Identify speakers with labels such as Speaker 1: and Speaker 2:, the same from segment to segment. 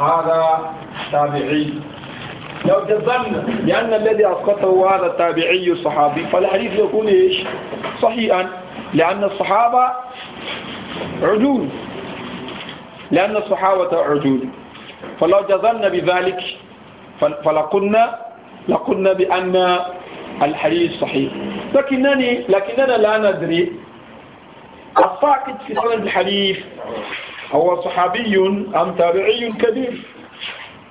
Speaker 1: هذا تابعي لو جزمنا لأن الذي أسقطه هذا تابعي الصحابي فالحديث يكون إيش صحيحا لأن الصحابة عدول لأن الصحابة عدول فلو جزمنا بذلك فلقلنا لقلنا بأن الحديث صحيح لكنني لكننا لا ندري الساقط في سند الحديث هو صحابي أم تابعي كبير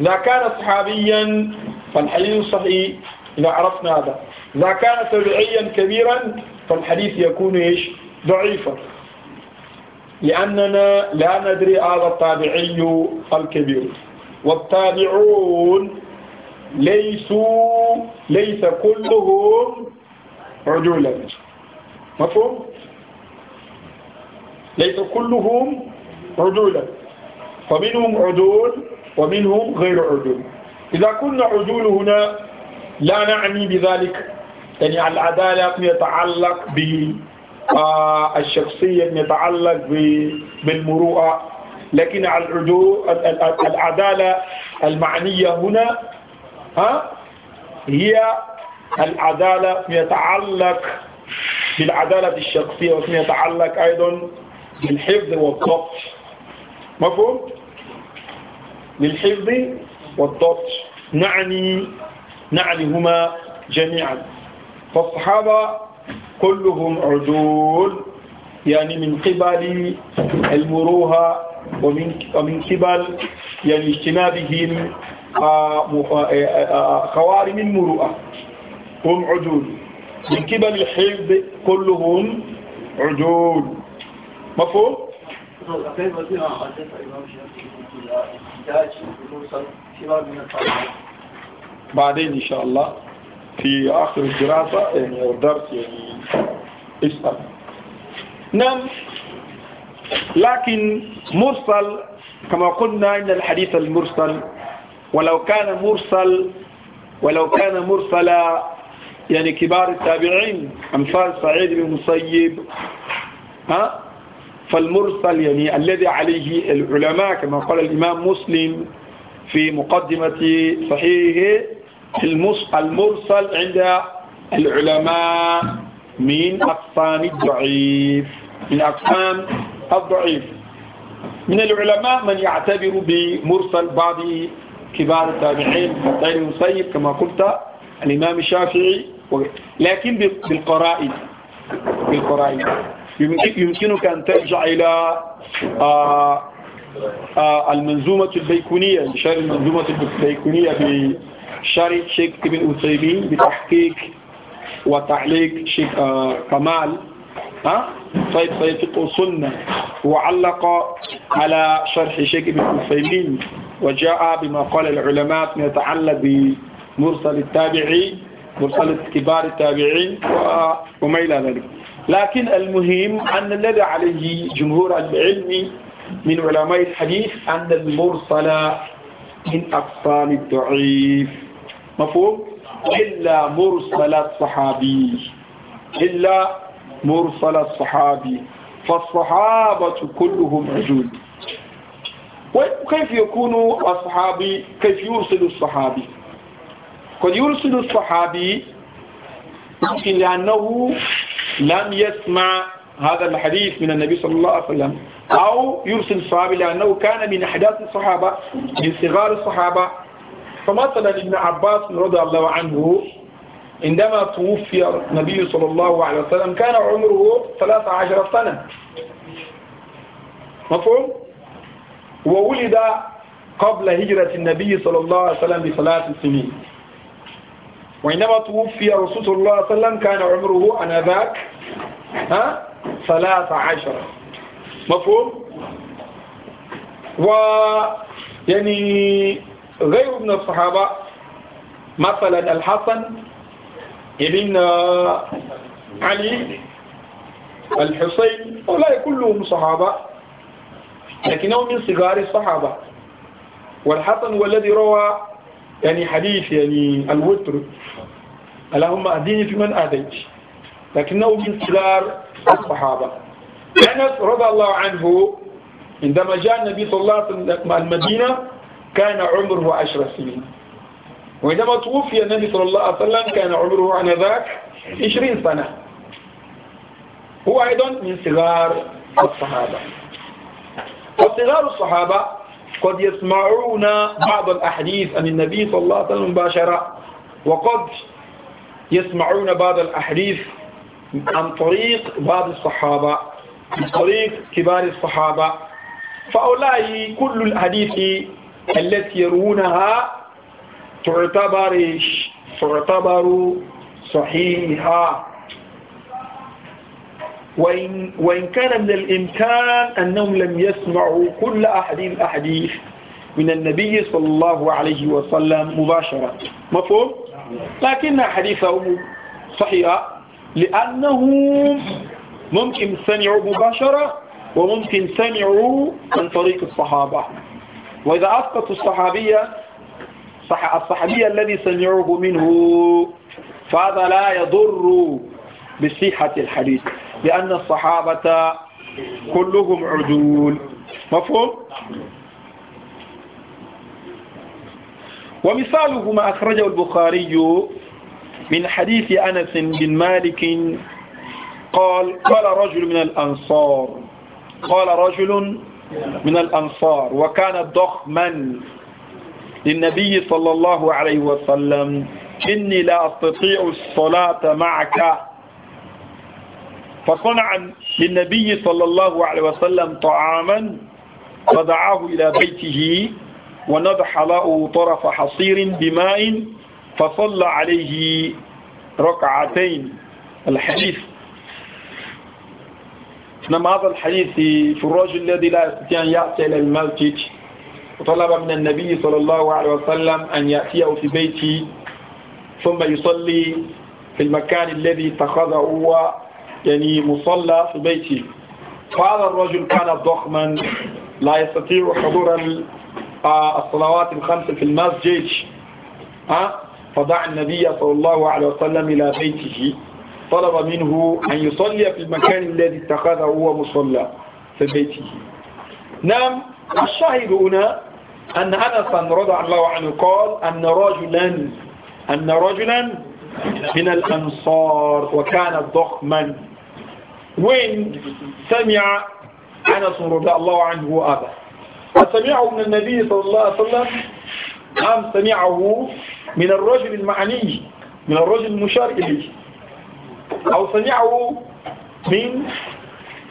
Speaker 1: إذا كان صحابيا فالحديث صحيح إذا عرفنا هذا إذا كان تابعيا كبيرا فالحديث يكون إيش ضعيفا لأننا لا ندري هذا التابعي الكبير والتابعون ليسوا ليس كلهم عدولا مفهوم ليس كلهم عدولا فمنهم عدول ومنهم غير عدول إذا قلنا عدول هنا لا نعني بذلك يعني العدالة يتعلق بالشخصية آه، يتعلق بالمروءة لكن العدالة المعنية هنا ها هي العدالة يتعلق بالعدالة الشخصية ويتعلق أيضا بالحفظ والضبط مفهوم للحفظ والضبط نعني نعنيهما جميعا فالصحابة كلهم عدول يعني من قبل المروها ومن ومن قبل يعني اجتنابهم آه، آه، آه، خوارم المروءة هم عدول من قبل الحفظ كلهم عدول مفهوم بعدين إن شاء الله في آخر الدراسة يعني أو الدرس يعني اسأل نعم لكن مرسل كما قلنا إن الحديث المرسل ولو كان مرسل ولو كان مرسلا يعني كبار التابعين أمثال سعيد بن المسيب ها فالمرسل يعني الذي عليه العلماء كما قال الإمام مسلم في مقدمة صحيحه المرسل عند العلماء من أقسام الضعيف من أقسام الضعيف من العلماء من يعتبر بمرسل بعض كبار التابعين كالطير المسيب كما قلت الإمام الشافعي لكن بالقرائن بالقرائن يمكنك أن ترجع إلى آه، آه، المنظومة البيكونية لشرح المنظومة البيكونية بشرح شيخ ابن أثيمين بتحقيق وتعليق شيخ آه، كمال ها طيب فيفق السنة وعلق على شرح شيخ ابن أثيمين وجاء بما قال العلماء ما يتعلق بمرسل التابعي مرسل كبار التابعين وما إلى ذلك لكن المهم أن الذي عليه جمهور العلم من علماء الحديث أن المرسل من أقسام الضعيف مفهوم؟ إلا مرسل الصحابي إلا مرسل الصحابي فالصحابة كلهم عجود وكيف يكون الصحابي كيف يرسل الصحابي قد يرسل الصحابي لأنه لم يسمع هذا الحديث من النبي صلى الله عليه وسلم أو يرسل الصحابي لأنه كان من أحداث الصحابة من صغار الصحابة فمثلا ابن عباس رضي الله عنه عندما توفي النبي صلى الله عليه وسلم كان عمره 13 سنة مفهوم؟ وولد قبل هجرة النبي صلى الله عليه وسلم بثلاث سنين وعندما توفي رسول الله صلى الله عليه وسلم كان عمره أنذاك ها ثلاثة عشر مفهوم و يعني غير من الصحابة مثلا الحسن ابن آه، علي الحسين ولا كلهم صحابة لكنهم من صغار الصحابة والحسن هو الذي روى يعني حديث يعني الوتر اللهم اهدني في من أهديت لكنه من سلار الصحابة أنس رضي الله عنه عندما جاء النبي صلى الله عليه وسلم المدينة كان عمره عشر سنين وعندما توفي النبي صلى الله عليه وسلم كان عمره آنذاك عشرين سنة هو أيضا من صغار الصحابة وصغار الصحابة قد يسمعون بعض الأحاديث عن النبي صلى الله عليه وسلم مباشرة وقد يسمعون بعض الأحاديث عن طريق بعض الصحابة عن طريق كبار الصحابة فأولئك كل الحديث التي يروونها تعتبر تعتبر صحيحة وإن, وإن كان من الإمكان أنهم لم يسمعوا كل أحاديث الأحاديث من النبي صلى الله عليه وسلم مباشرة مفهوم؟ لكن حديثه صحيح لأنه ممكن سمعوا مباشرة وممكن سمعوا عن طريق الصحابة وإذا أسقط الصحابية صح الذي سمعوه منه فهذا لا يضر بصحة الحديث لأن الصحابة كلهم عدول مفهوم؟ ومثاله ما أخرجه البخاري من حديث أنس بن مالك قال قال رجل من الأنصار قال رجل من الأنصار وكان ضخما للنبي صلى الله عليه وسلم إني لا أستطيع الصلاة معك فصنع للنبي صلى الله عليه وسلم طعاما فدعاه إلى بيته ونضح له طرف حصير بماء فصلى عليه ركعتين الحديث نعم هذا الحديث في الرجل الذي لا يستطيع أن يأتي إلى المسجد وطلب من النبي صلى الله عليه وسلم أن يأتيه في بيته ثم يصلي في المكان الذي اتخذه هو يعني مصلى في بيته فهذا الرجل كان ضخما لا يستطيع حضور الصلوات الخمس في المسجد ها فدعا النبي صلى الله عليه وسلم إلى بيته طلب منه أن يصلي في المكان الذي اتخذه هو مصلى في بيته نعم الشاهد هنا أن أنس رضي الله عنه قال أن رجلا أن رجلا من الأنصار وكان ضخما وين سمع أنس رضي الله عنه أبا فسمعه من النبي صلى الله عليه وسلم أم نعم، سمعه من الرجل المعني من الرجل المشار إليه أو سمعه من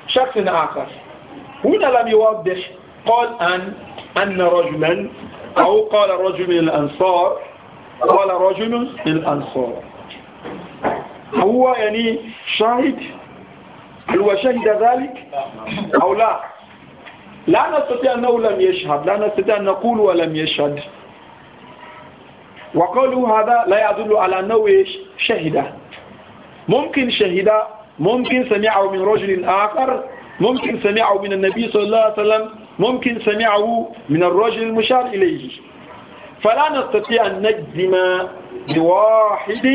Speaker 1: شخص آخر هنا لم يوضح قال أن أن رجلا أو قال رجل من الأنصار قال رجل من الأنصار هو يعني شاهد هو شهد ذلك أو لا لا نستطيع أنه لم يشهد لا نستطيع أن نقول ولم يشهد وقالوا هذا لا يدل على أنه شهد ممكن شهد ممكن سمعه من رجل آخر ممكن سمعه من النبي صلى الله عليه وسلم ممكن سمعه من الرجل المشار إليه فلا نستطيع أن نجزم بواحد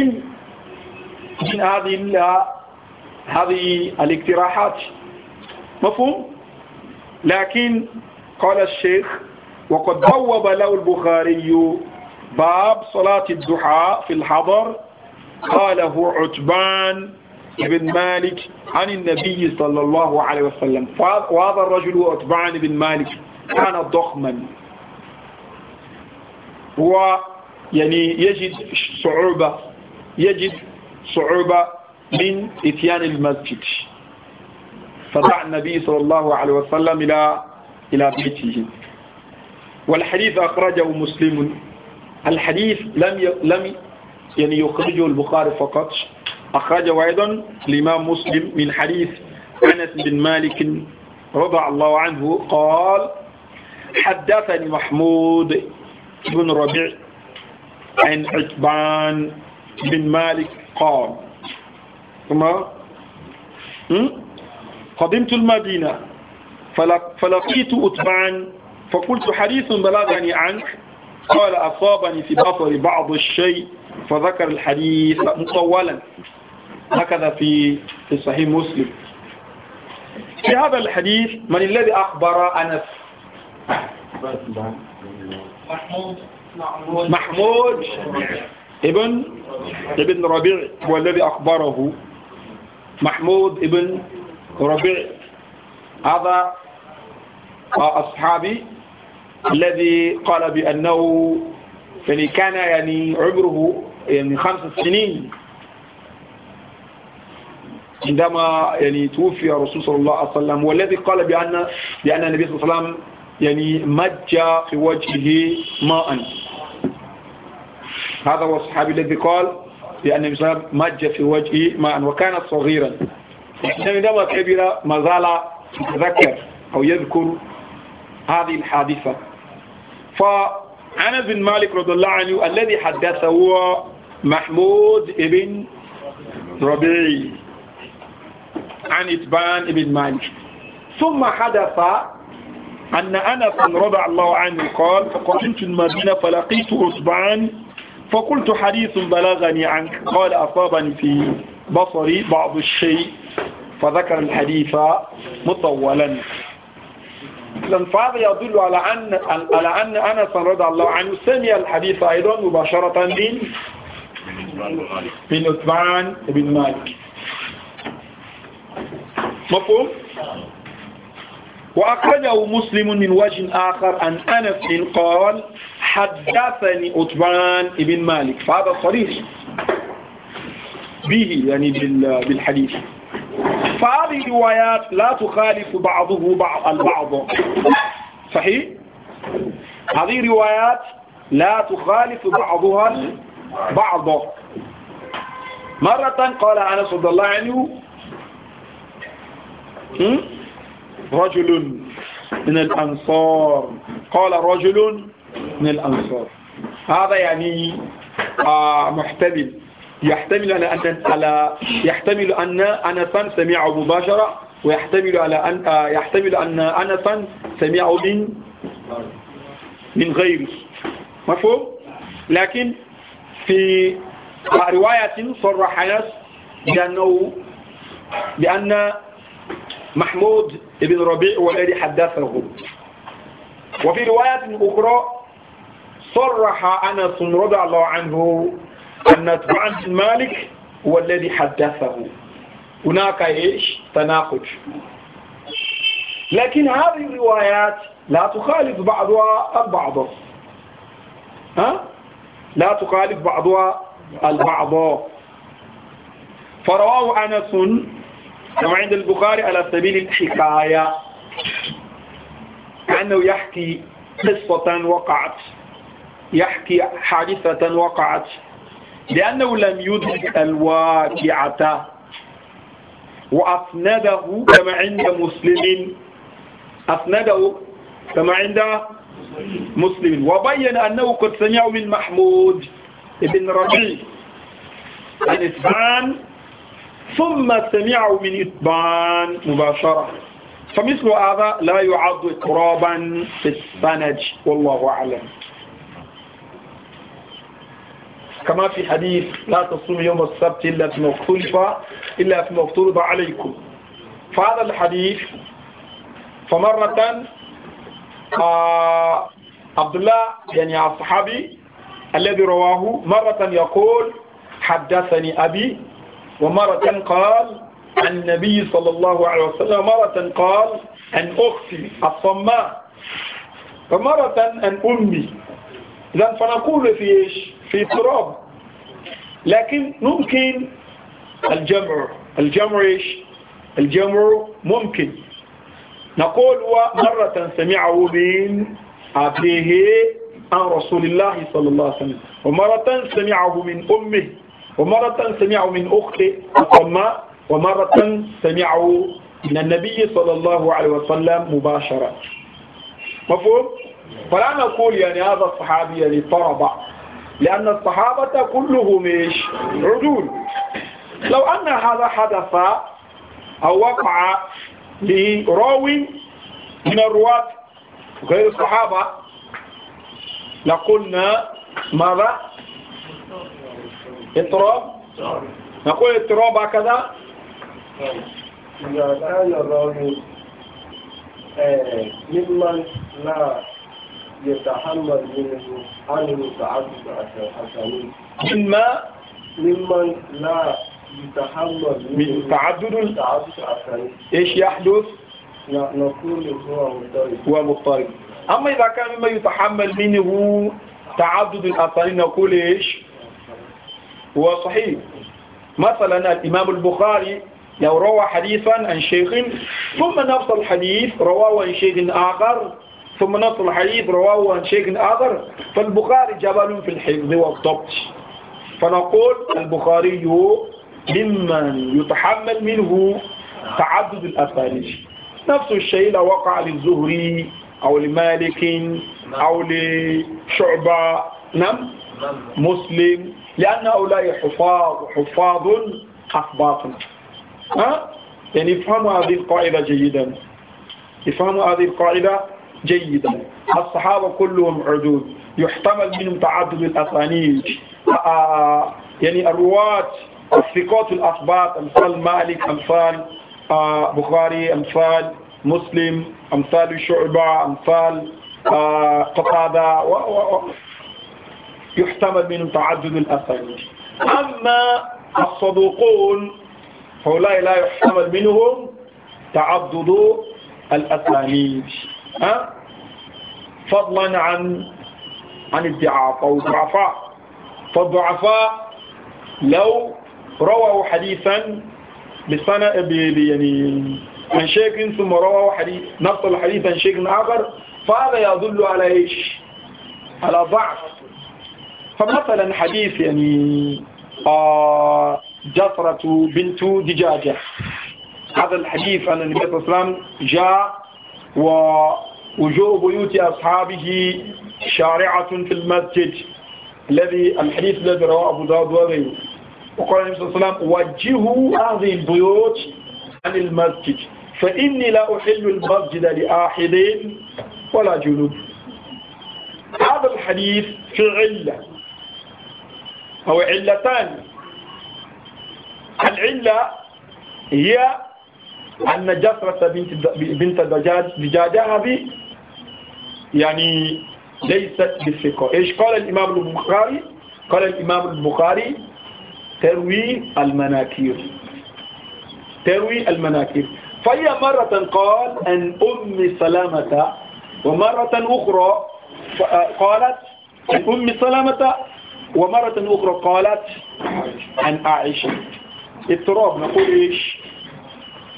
Speaker 1: من هذه هذه الاقتراحات مفهوم؟ لكن قال الشيخ وقد بوب له البخاري باب صلاة الضحى في الحضر قاله عتبان بن مالك عن النبي صلى الله عليه وسلم وهذا الرجل هو عتبان بن مالك كان ضخما هو يعني يجد صعوبة يجد صعوبة من إتيان المسجد فدعا النبي صلى الله عليه وسلم إلى إلى بيته والحديث أخرجه مسلم الحديث لم لم يعني يخرجه البخاري فقط أخرجه أيضا الإمام مسلم من حديث أنس بن مالك رضي الله عنه قال حدثني محمود بن ربيع عن عتبان بن مالك قال ثم قدمت المدينة فلقيت أتبعا فقلت حديث بلغني عنك قال أصابني في بطري بعض الشيء فذكر الحديث مطولا هكذا في في صحيح مسلم في هذا الحديث من الذي أخبر أنس محمود ابن ابن ربيع هو الذي أخبره محمود ابن ربيع هذا أصحابي الذي قال بأنه يعني كان يعني عمره يعني خمس سنين عندما يعني توفي الرسول صلى الله عليه وسلم والذي قال بأن بأن النبي صلى الله عليه وسلم يعني مج في وجهه ماء هذا هو الصحابي الذي قال بأن النبي صلى الله عليه وسلم مج في وجهه ماء وكان صغيرا عندما كبر ما زال يتذكر أو يذكر هذه الحادثة فأنس بن مالك رضي الله عنه الذي حدثه هو محمود بن ربيعي عن إتبان بن مالك ثم حدث أن أنس رضي الله عنه قال فقدمت المدينة فلقيت عتبان فقلت حديث بلغني عنك قال أصابني في بصري بعض الشيء فذكر الحديث مطولا فهذا يدل على أن على أن أنس رضي الله عنه سمع الحديث أيضا مباشرة من من عثمان بن مالك مفهوم؟ وأخرجه مسلم من وجه آخر عن أن أنس قال حدثني عثمان بن مالك فهذا صريح به يعني بالحديث فهذه الروايات لا تخالف بعضه بعض البعض صحيح هذه الروايات لا تخالف بعضها بعضا مرة قال أنس رضي الله عنه رجل من الأنصار قال رجل من الأنصار هذا يعني آه، محتمل يحتمل على أن على يحتمل أن أنسا سمعه مباشرة ويحتمل على أن آه، يحتمل أن أنسا سمعه من من غيره مفهوم؟ لكن في رواية صرح ناس بأنه بأن محمود بن ربيع هو الذي حدثه وفي رواية أخرى صرح أنس رضي الله عنه أن أتباع مالك هو الذي حدثه هناك إيش تناقض لكن هذه الروايات لا تخالف بعضها البعض ها لا تخالف بعضها البعض فرواه أنس كما عند البخاري على سبيل الحكاية أنه يحكي قصة وقعت يحكي حادثة وقعت لأنه لم يدرك الواقعة وأسنده كما عند مسلم أسنده كما عند مسلم وبين أنه قد سمع من محمود بن ربيع عن إتبان ثم سمع من إتبان مباشرة فمثل هذا لا يعد ترابا في السند والله أعلم كما في حديث لا تصوم يوم السبت إلا فيما اختلف إلا فيما افترض عليكم فهذا الحديث فمرة آه عبد الله يعني الصحابي الذي رواه مرة يقول حدثني أبي ومرة قال عن النبي صلى الله عليه وسلم مرة قال أن أختي الصماء ومرة أن أمي إذا فنقول في إيش في تراب لكن ممكن الجمع الجمع إيش الجمع ممكن نقول مرة سمعه من أبيه عن رسول الله صلى الله عليه وسلم ومرة سمعه من أمه ومرة سمعه من أخته ومرة سمعه من النبي صلى الله عليه وسلم مباشرة مفهوم؟ فلا نقول يعني هذا الصحابي يعني طرب لأن الصحابة كلهم إيش عدول لو أن هذا حدث أو وقع لراوي من الرواة غير الصحابة لقلنا ماذا اضطراب نقول اضطراب هكذا إذا كان الراوي آه، ممن لا يتحمل منه عنه تعدد الحسنين مما ممن لا يتحمل من تعدد تعدد ايش يحدث؟ نقول هو مضطرب هو مضطرب اما اذا كان مما يتحمل منه تعدد الاثرين نقول ايش؟ هو صحيح مثلا الامام البخاري لو روى حديثا عن شيخ ثم نفس الحديث رواه عن شيخ اخر ثم نص الحديث رواه عن شيخ آخر فالبخاري جبل في الحفظ والضبط فنقول البخاري ممن يتحمل منه تعدد الأسانيد نفس الشيء لو وقع للزهري أو لمالك أو لشعبة نعم مسلم لأن هؤلاء حفاظ حفاظ أثباط ها يعني افهموا هذه القاعدة جيدا افهموا هذه القاعدة جيدا الصحابة كلهم عدود يحتمل منهم تعدد الأسانيد آه، آه، يعني الرواة الثقات الأثبات أمثال مالك أمثال آه، بخاري أمثال مسلم أمثال شعبة أمثال قطادة و و يحتمل منهم تعدد الأسانيد أما الصدوقون هؤلاء لا يحتمل منهم تعدد الأسانيد ها فضلا عن عن الضعاف أو الضعفاء فالضعفاء لو رووا حديثا بسنة يعني عن شيخ ثم رووا حديث نفس الحديث عن شيخ آخر فهذا يدل على إيش؟ على ضعف فمثلا حديث يعني آه، جثرة بنت دجاجة هذا الحديث عن النبي صلى الله عليه وسلم جاء ووجوه بيوت أصحابه شارعة في المسجد الذي الحديث الذي رواه أبو داود وغيره وقال النبي صلى الله عليه وسلم وجهوا هذه البيوت عن المسجد فإني لا أحل المسجد لأحد ولا جنوب هذا الحديث في علة أو علتان العلة هي أن جسرة بنت بنت دجاج ذهبي يعني ليست بالثقة إيش قال الإمام البخاري قال الإمام البخاري تروي المناكير تروي المناكير فهي مرة قال أن أم سلامة ومرة أخرى قالت أن أم سلامة ومرة أخرى قالت عن عائشة اضطراب نقول إيش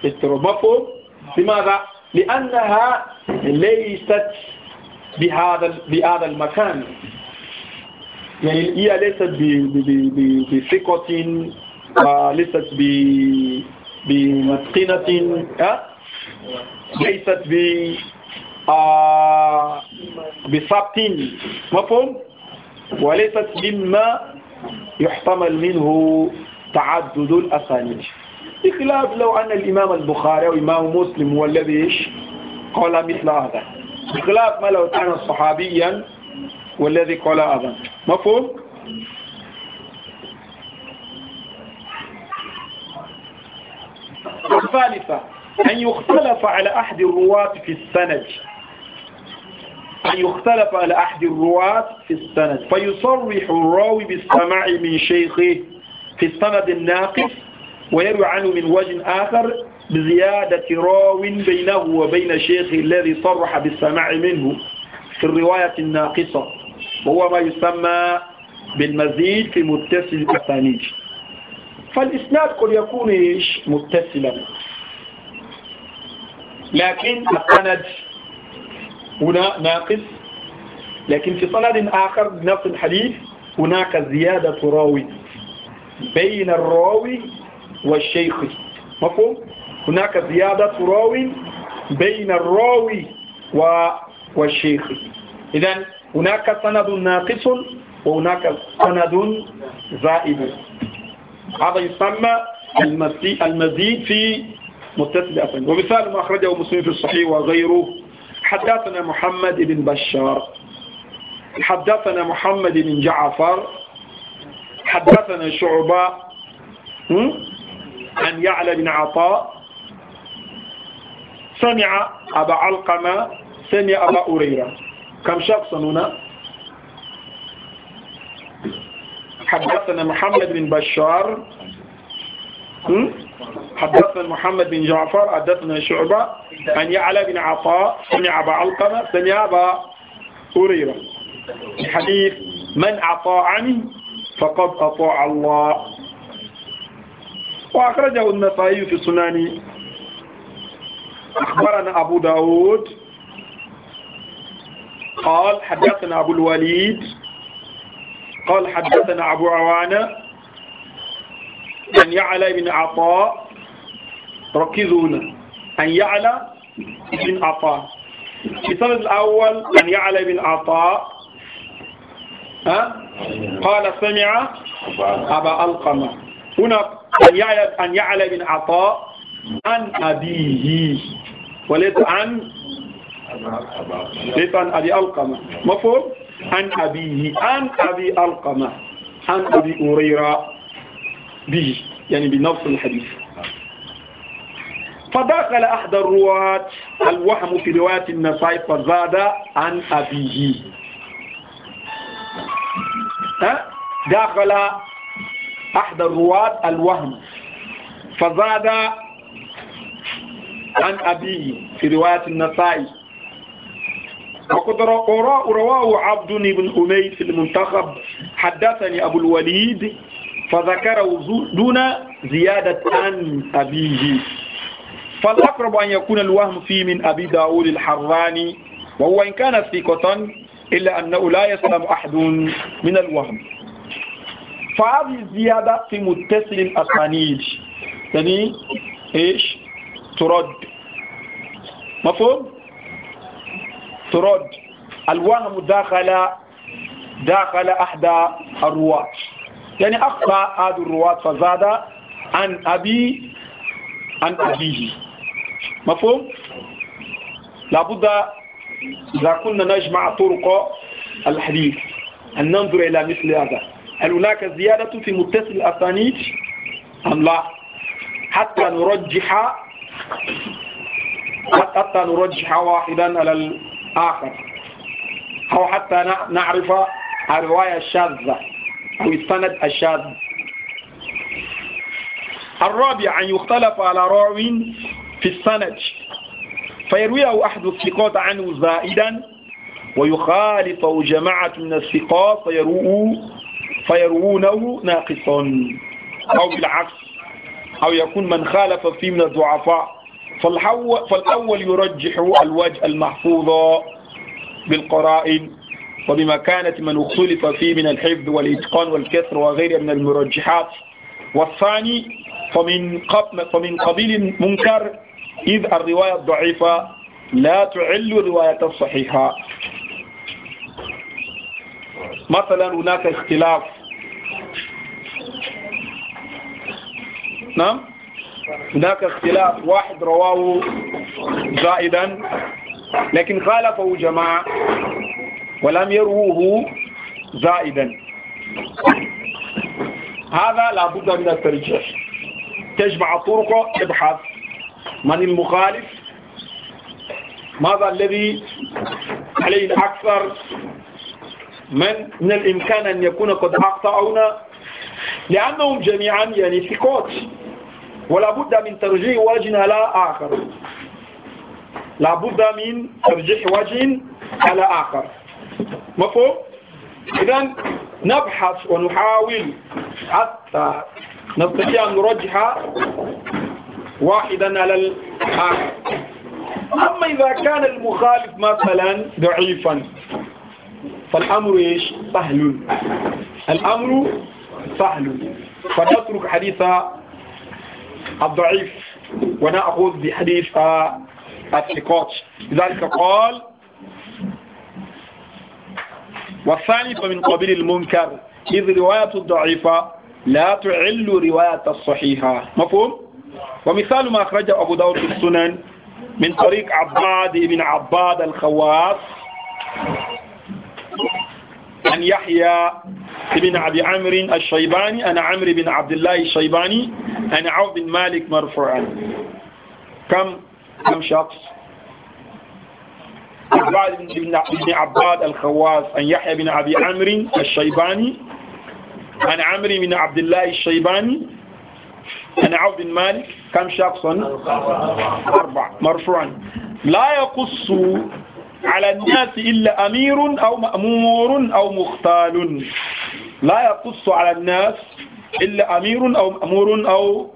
Speaker 1: الترمفو لماذا؟ لأنها ليست بهذا بهذا المكان يعني هي ليست بثقة ليست بمتقنة آه، ليست ب آه، آه، بثبت مفهوم وليست مما يحتمل منه تعدد الأسانيد بخلاف لو أن الإمام البخاري أو إمام مسلم هو الذي إيش قال مثل هذا بخلاف ما لو كان صحابيا والذي قال هذا مفهوم؟ الثالثة أن يختلف على أحد الرواة في السند أن يختلف على أحد الرواة في السند فيصرح الراوي بالسماع من شيخه في السند الناقص ويروي عنه من وجه آخر بزيادة راو بينه وبين الشيخ الذي صرح بالسماع منه في الرواية الناقصة وهو ما يسمى بالمزيد في متصل الأسانيد فالإسناد قد يكون إيش متصلا لكن السند هنا ناقص لكن في سند آخر بنفس الحديث هناك زيادة راوي بين الراوي والشيخ مفهوم هناك زيادة راوي بين الراوي والشيخ إذا هناك سند ناقص وهناك سند زائد هذا يسمى المزيد في متصل أسند ومثال ما أخرجه مسلم في الصحيح وغيره حدثنا محمد بن بشار حدثنا محمد بن جعفر حدثنا شعبة عن يعلى بن عطاء سمع أبا علقمة سمع أبا أريرة كم شخص هنا حدثنا محمد بن بشار حدثنا محمد بن جعفر حدثنا شعبة عن يعلى بن عطاء سمع أبا علقمة سمع أبا أريرة حديث من أطاعني فقد أطاع الله وأخرجه النسائي في السنن أخبرنا أبو داود قال حدثنا أبو الوليد قال حدثنا أبو عوانة أن يعلى بن عطاء ركزوا هنا أن يعلى بن عطاء في السند الأول أن يعلى بن عطاء ها؟ قال سمع أبا ألقمة هنا أن يعلم أن يعلم بن عطاء عن أبيه وليس عن ليس عن أبي القمة مفهوم عن أبيه عن أبي القمة عن أبي هريرة به يعني بنفس الحديث فدخل أحد الرواة الوهم في رواية النسائي فزاد عن أبيه ها دخل أحد الرواة الوهم فزاد عن أبيه في رواية النسائي وقد رواه عبد بن أمير في المنتخب حدثني أبو الوليد فذكره دون زيادة عن أبيه فالأقرب أن يكون الوهم فيه من أبي داود الحراني وهو إن كان ثقة إلا أنه لا يسلم أحد من الوهم فهذه الزيادة في متصل الأسانيد يعني إيش ترد مفهوم ترد الوهم داخل داخل أحد الرواة يعني أخطأ هذا الرواة فزاد عن أبي عن أبيه مفهوم لابد إذا كنا نجمع طرق الحديث أن ننظر إلى مثل هذا هل هناك زيادة في متصل الأسانيد أم لا حتى نرجح حتى نرجح واحدا على الآخر أو حتى نعرف الرواية الشاذة أو السند الشاذ الرابع أن يختلف على راو في السند فيرويه أحد الثقات عنه زائدا ويخالطه جماعة من الثقات فيروه فيروونه ناقصا أو بالعكس أو يكون من خالف فيه من الضعفاء فالأول يرجح الوجه المحفوظ بالقرائن وبما كانت من اختلف فيه من الحفظ والإتقان والكثر وغيرها من المرجحات والثاني فمن قبل فمن قبيل منكر إذ الرواية الضعيفة لا تعل الرواية الصحيحة مثلا هناك اختلاف نعم هناك اختلاف واحد رواه زائدا لكن خالفه جماعة ولم يروه زائدا هذا لابد من الترجيح تجمع طرقه ابحث من المخالف ماذا الذي عليه الأكثر من من الإمكان أن يكون قد أخطأونا لأنهم جميعا يعني ثقات ولا بد من ترجيح وجه على آخر لا بد من ترجيح وجه على آخر مفهوم؟ إذا نبحث ونحاول حتى نستطيع أن نرجح واحدا على الآخر أما إذا كان المخالف مثلا ضعيفا فالأمر إيش سهل الأمر سهل فنترك حديث الضعيف ونأخذ بحديث الثقات لذلك قال والثالث من قبيل المنكر إذ رواية الضعيفة لا تعل رواية الصحيحة مفهوم؟ ومثال ما أخرجه أبو داود في السنن من طريق عباد بن عباد الخواص عن يحيى بن أبي عمر الشيباني أنا عمر بن عبد الله الشيباني أنا عوض بن مالك مرفوعا كم كم شخص عباد بن عباد الخواص عن يحيى بن أبي عمرو الشيباني عن عمرو بن عبد الله الشيباني عن عوض بن مالك كم شخص أربعة مرفوعا لا يقص على الناس إلا أمير أو مأمور أو مختال لا يقص على الناس إلا أمير أو مأمور أو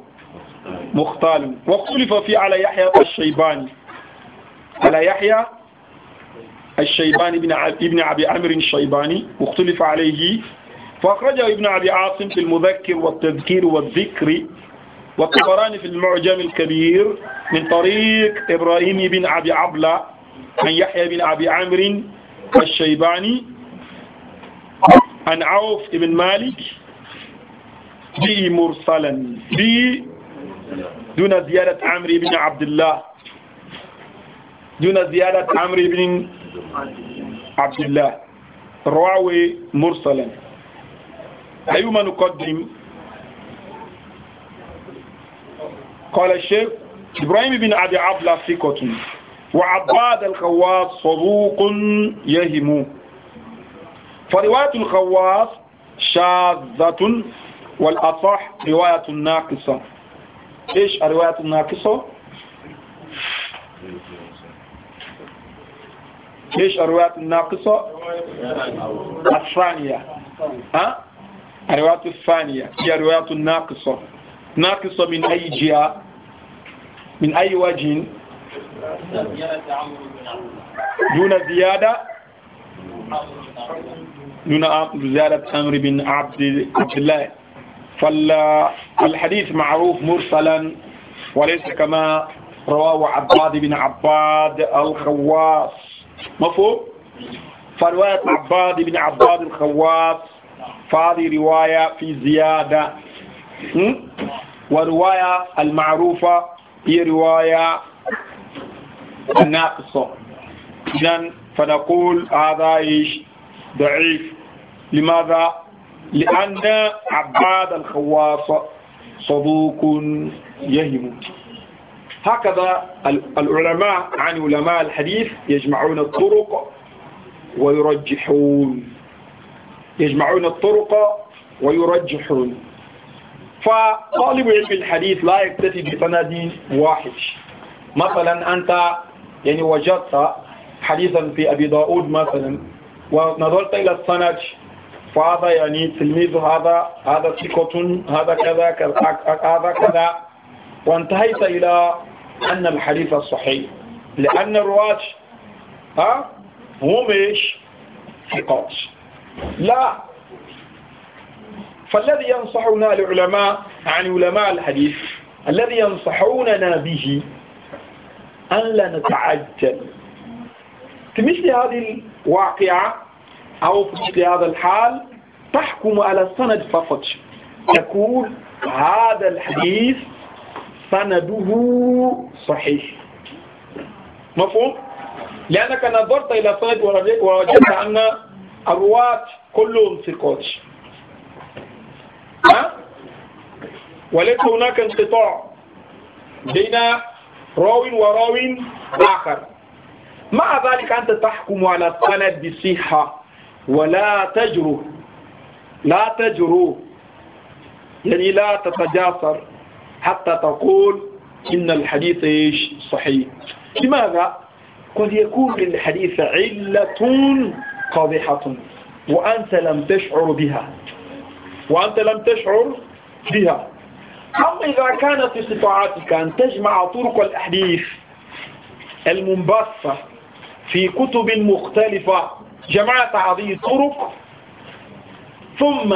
Speaker 1: مختال واختلف في على يحيى الشيباني على يحيى الشيباني بن ابن أبي عمر الشيباني واختلف عليه فأخرجه ابن أبي عاصم في المذكر والتذكير والذكر والطبراني في المعجم الكبير من طريق إبراهيم بن أبي عبلة عن يحيى بن أبي عمرو الشيباني عن عوف بن مالك به مرسلا به دون زيادة عمرو بن عبد الله دون زيادة عمرو بن عبد الله رواوي مرسلا أيما نقدم قال الشيخ إبراهيم بن أبي عبد الله في ثقة وعباد الخواص صدوق يهم فرواية الخواص شاذة والأصح رواية ناقصة إيش الرواية الناقصة؟ إيش الرواية الناقصة؟ الثانية ها؟ الرواية الثانية هي الرواية الناقصة ناقصة من أي جهة؟ من أي وجه؟ دون زيادة دون زيادة عمرو بن عبد الله فالحديث معروف مرسلا وليس كما رواه عباد بن عباد الخواص مفهوم فرواية عباد بن عباد الخواص فهذه رواية في زيادة ورواية المعروفة هي رواية الناقصة إذا فنقول هذا إيش ضعيف لماذا؟ لأن عباد الخواص صدوق يهم هكذا العلماء عن علماء الحديث يجمعون الطرق ويرجحون يجمعون الطرق ويرجحون فطالب علم الحديث لا يكتفي بسند واحد مثلا أنت يعني وجدت حديثا في أبي داود مثلا ونظرت إلى السند فهذا يعني تلميذ هذا هذا ثقة هذا كذا هذا كذا وانتهيت إلى أن الحديث صحيح لأن الرواة ها هم إيش ثقات لا فالذي ينصحنا العلماء عن علماء الحديث الذي ينصحوننا به أن لا نتعجل في مثل هذه الواقعة أو في مثل هذا الحال تحكم على السند فقط تقول هذا الحديث سنده صحيح مفهوم؟ لأنك نظرت إلى سند ووجدت أن الرواة كلهم ثقات وليس هناك انقطاع بين راو وراو آخر مع ذلك أنت تحكم على السند بصحة ولا تجرو لا تجرو يعني لا تتجاسر حتى تقول إن الحديث إيش صحيح لماذا؟ قد يكون للحديث علة قادحة وأنت لم تشعر بها وأنت لم تشعر بها أما إذا كان في استطاعتك أن تجمع طرق الأحاديث المنبثة في كتب مختلفة جمعت هذه الطرق ثم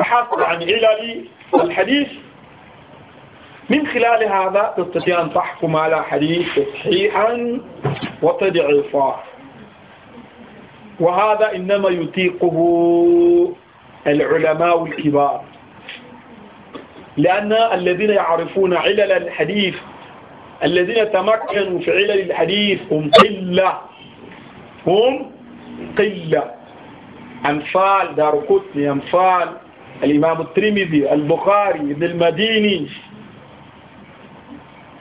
Speaker 1: بحثت عن علل الحديث من خلال هذا تستطيع أن تحكم على حديث وتدعي وتضعيفا وهذا إنما يطيقه العلماء الكبار لأن الذين يعرفون علل الحديث الذين تمكنوا في علل الحديث هم قلة هم قلة أنفال دار قطني أنفال الإمام الترمذي البخاري ابن المديني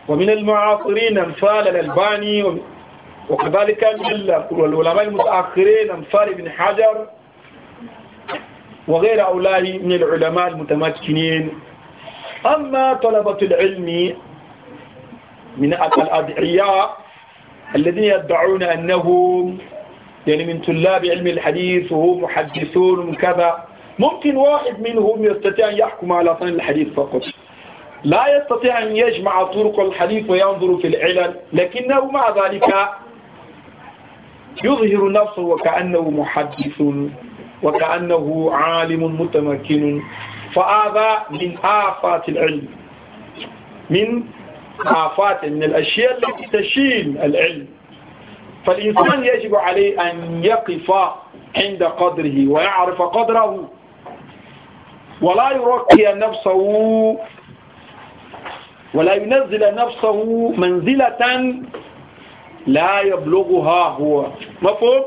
Speaker 1: ومن المعاصرين أنفال الألباني وكذلك والعلماء المتأخرين أنفال ابن حجر وغير أولئك من العلماء المتمكنين أما طلبة العلم من الأدعياء الذين يدعون أنهم يعني من طلاب علم الحديث وهم محدثون كذا ممكن واحد منهم يستطيع أن يحكم على فن الحديث فقط لا يستطيع أن يجمع طرق الحديث وينظر في العلل لكنه مع ذلك يظهر نفسه وكأنه محدث وكأنه عالم متمكن فهذا من آفات العلم من آفات من الأشياء التي تشيل العلم فالإنسان يجب عليه أن يقف عند قدره ويعرف قدره ولا يرقي نفسه ولا ينزل نفسه منزلة لا يبلغها هو مفهوم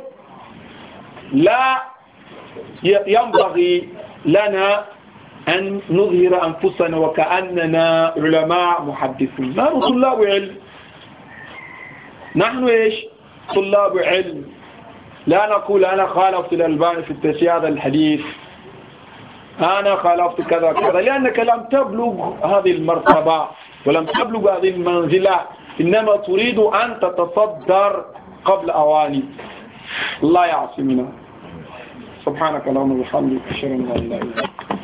Speaker 1: لا ينبغي لنا أن نظهر أنفسنا وكأننا علماء محدثون نحن طلاب علم نحن إيش طلاب علم لا نقول أنا خالفت الألباني في التشيع هذا الحديث أنا خالفت كذا كذا لأنك لم تبلغ هذه المرتبة ولم تبلغ هذه المنزلة إنما تريد أن تتصدر قبل أواني الله يعصمنا سبحانك اللهم وبحمدك أشهد أن لا إله إلا أنت